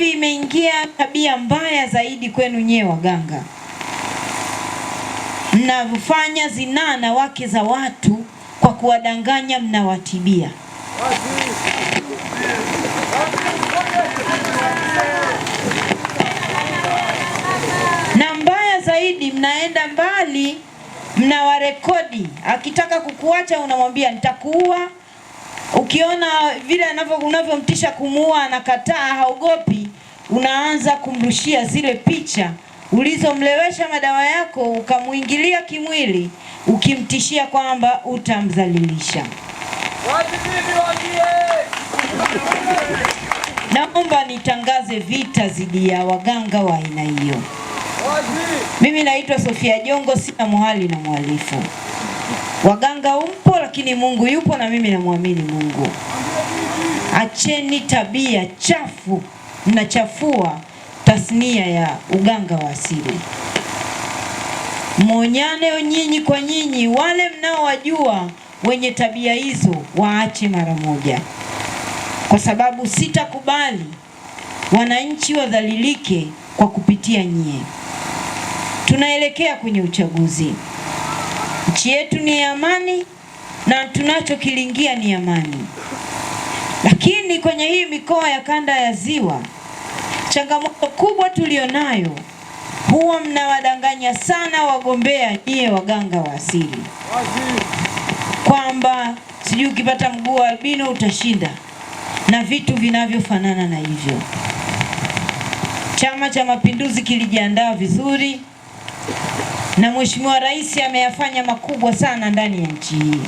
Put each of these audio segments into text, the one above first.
Hivi imeingia tabia mbaya zaidi kwenu nyewe waganga, mnafanya zinaa na wake za watu kwa kuwadanganya, mnawatibia. Na mbaya zaidi, mnaenda mbali, mnawarekodi. Akitaka kukuacha unamwambia nitakuua. Ukiona vile unavyomtisha kumuua, anakataa, haogopi unaanza kumrushia zile picha ulizomlewesha madawa yako, ukamwingilia kimwili, ukimtishia kwamba utamdhalilisha. Naomba nitangaze vita dhidi ya waganga wa aina hiyo. Mimi naitwa Sofia Jongo, sina muhali na mhalifu. Waganga umpo, lakini Mungu yupo na mimi namwamini Mungu. Acheni tabia chafu mnachafua tasnia ya uganga wa asili. Mwonyane nyinyi kwa nyinyi, wale mnaowajua wenye tabia hizo waache mara moja, kwa sababu sitakubali wananchi wadhalilike kwa kupitia nyie. Tunaelekea kwenye uchaguzi. Nchi yetu ni ya amani na tunachokilingia ni amani. Lakini kwenye hii mikoa ya kanda ya Ziwa, changamoto kubwa tulionayo, huwa mnawadanganya sana wagombea nyie waganga wa asili kwamba sijui ukipata mguu wa albino utashinda na vitu vinavyofanana na hivyo. Chama cha Mapinduzi kilijiandaa vizuri na Mheshimiwa Rais ameyafanya makubwa sana ndani ya nchi hii.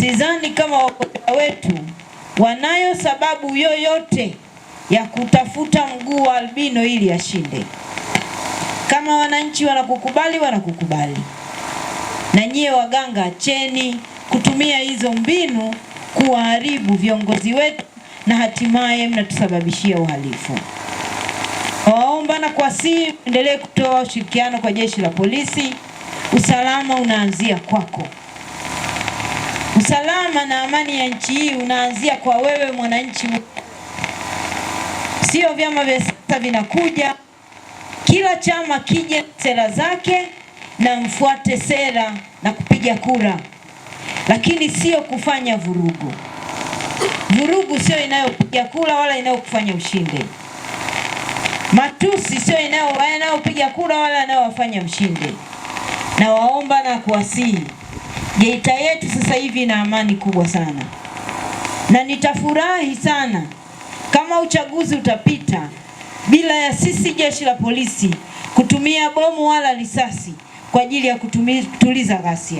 Sidhani kama wagombea wetu Wanayo sababu yoyote ya kutafuta mguu wa albino ili ashinde? Kama wananchi wanakukubali, wanakukubali. Na nyie waganga, acheni kutumia hizo mbinu kuwaharibu viongozi wetu na hatimaye mnatusababishia uhalifu. Waomba na kuwasihi endelee kutoa ushirikiano kwa jeshi la polisi. Usalama unaanzia kwako usalama na amani ya nchi hii unaanzia kwa wewe mwananchi, sio vyama vya siasa vinakuja. Kila chama kije sera zake na mfuate sera na kupiga kura, lakini sio kufanya vurugu. Vurugu sio inayopiga kura wala inayokufanya ushinde. Matusi sio inayopiga kura wala inayowafanya mshinde. Nawaomba na kuwasihi Geita yetu sasa hivi ina amani kubwa sana, na nitafurahi sana kama uchaguzi utapita bila ya sisi jeshi la polisi kutumia bomu wala risasi kwa ajili ya kutuliza ghasia.